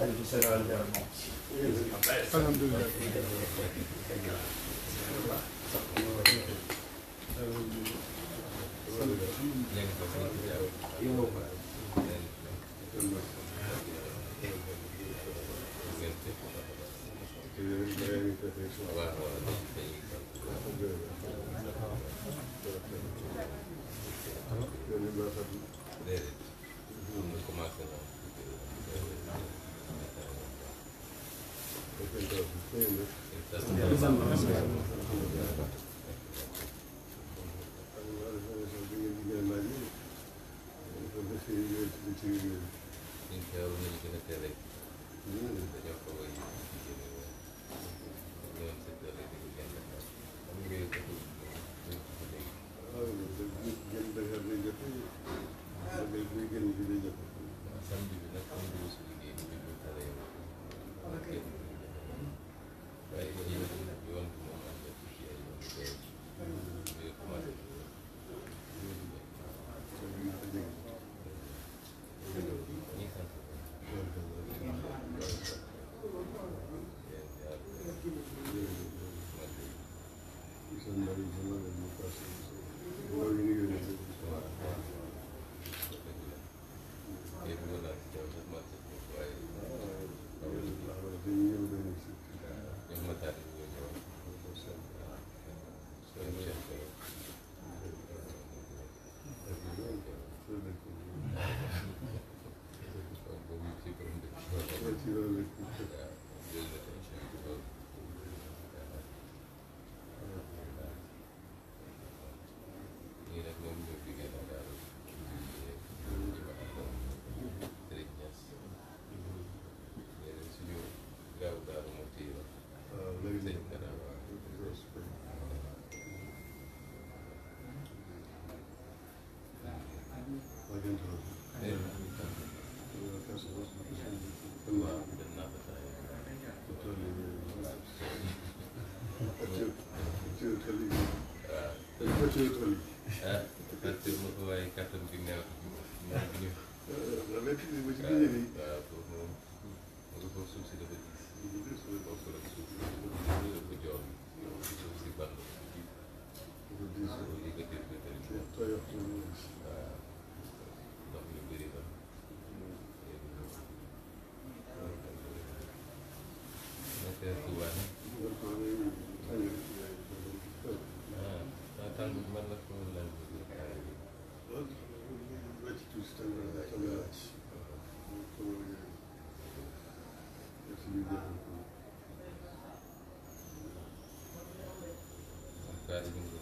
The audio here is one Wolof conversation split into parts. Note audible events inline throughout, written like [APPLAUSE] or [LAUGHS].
teneffüsler öldü. Elhamdülillah. Evet. Bunu kumaklı. I think that was the same. If that's the kattan gi neex neex gi ñu. waaw lépp li ma ci gën a yëg. waaw foofu moom nga ko suuf si dafa gis. bokk rek suuf si dafa joor suuf si ban la. waaw. guys can go.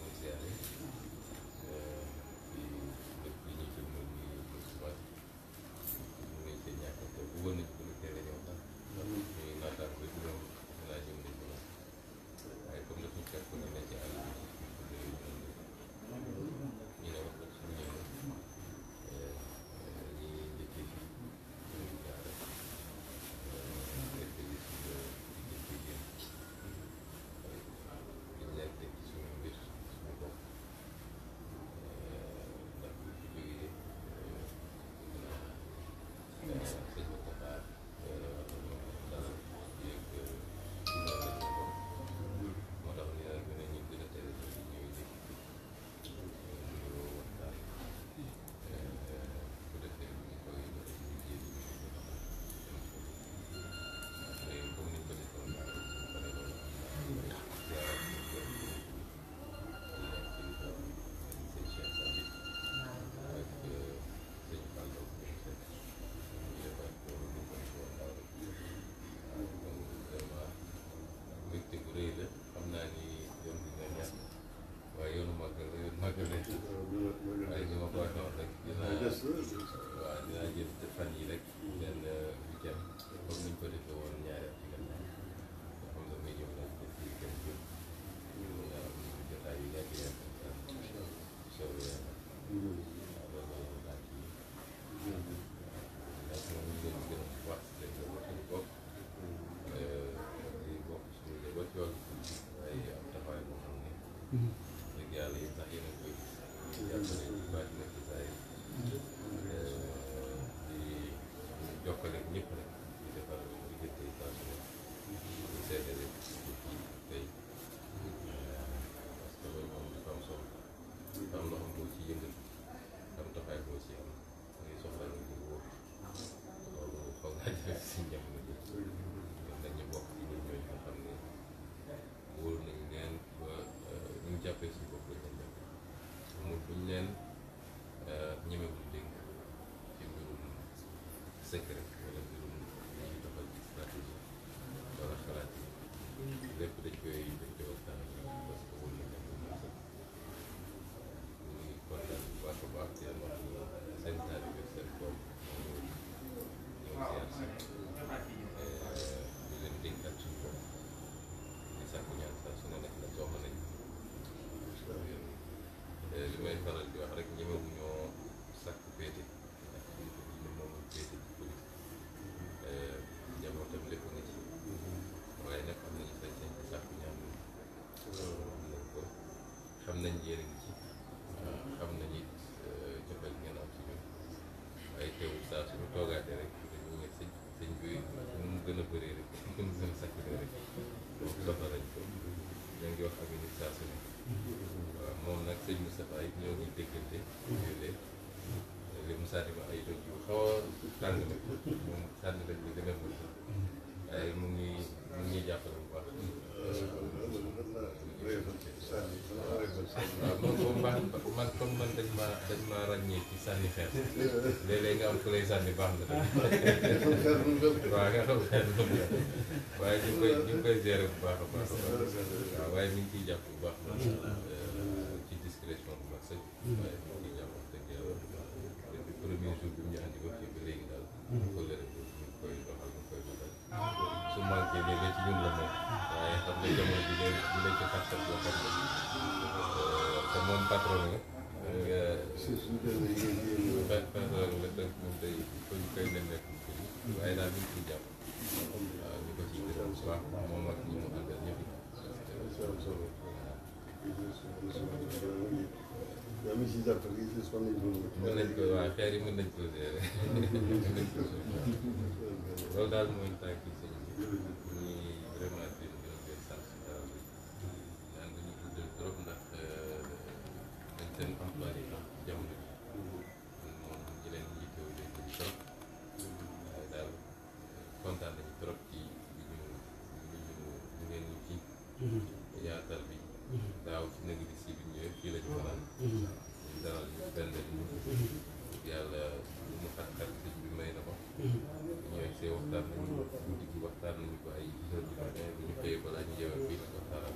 Really? I give up. I can't. Like, you know, I just. Okay. li may faral di wax rek ñemewu ñoo sàkk féete ndax kilifa bi féete eh, ci mm-hmm. waaye nag am nañu sañ-sañ ci sàkku ñaan mm-hmm. loolu nañ xam nañ yéen a ngi saa suñu toogaatee rek dañu ne sëñ sëñ bi nu mu gën a bëree rek [LAUGHS] nu mu gën a sàkk rek boobu soxla nañ ko ñoo wax ak saa su moom nag sëñ Moustapha it ñoo ngi déggante léeg-léeg mu sànni ma ay doj yu xaw a tàng nag moom sànni doj bi gën a mën waaye mu ngi mu ngi jàppale bu baax waaw baax man sànni xeer nga baax xam xeer lu waaye ñu ngi koy ñu bu baax a baax a baax waaye mi ngi ciy jàpp bu baax discrétion bu mag sax. Mm. waaye ñu ngi jàppante ak yow depuis premier jour bi mu ñu andi ba fii ba léegi daal. colère mm. bi ñu koy doxal ñu koy doxal. su manqué léeg-léeg ci ñun la moom. waaye xam nga jamono bi day bu nekk parcelle boo xam ne euh, te moom patron nga. suuf euh, suñu tool yi ngeen jëlee. ba patron nga donc moom day koy koy nemmeeku mu bëri. waaye daal ñu ngi ciy jàpp. waaw ñu ko ciy gërëm bu baax moom ak ñi mu àndal ñëpp. mën nañ ko waaw xeer yi mën nañ ko mën nañ ko loolu daal mooy tànk yi sëñ bi ñuy vraiment di gën a gën sant daal ñaan dañu guddal trop ndax dañ seen emploi yi jamono bi moom ñi leen jiitoo leen ñu trop waaye daal kontaan nañu trop ci li ñu li ñu ngeen ñu ci mhm. yaatal bi daaw ci nëg bi si bi ñëwee fii lañu mm-hmm. fanaan mm-hmm. ñu dalal ñu benn ñu mm-hmm. yàlla lu mu xat-xat may na ko ñooy see waxtaan nañu guddi gi waxtaan nañu ko ay heure du balaa ñu yeewee fii nag waxtaan nañu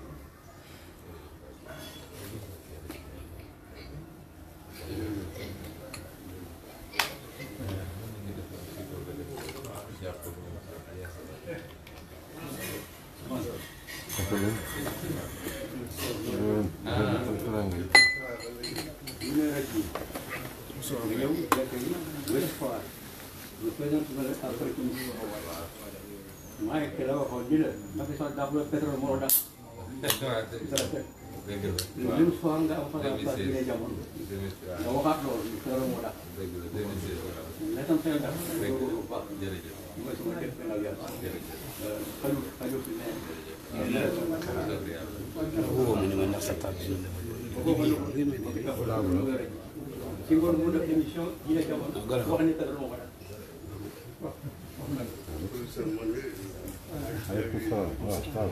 maa ngi la waxoon ni la Macky Sall dàq la pétrole moo dàq dëgg la lim soxla nga am faram-fàccee bi ne jamono. nga waxaat loolu ñu soxla moo tax. dëgg la dëgg la dëgg la dëgg la jërëjëf. mooy sama kër gi nag yàlla. jërëjëf xaju xaju fi ne. ci ngoon mu def émission ji ne jamono. wax ni dara moo ko tax.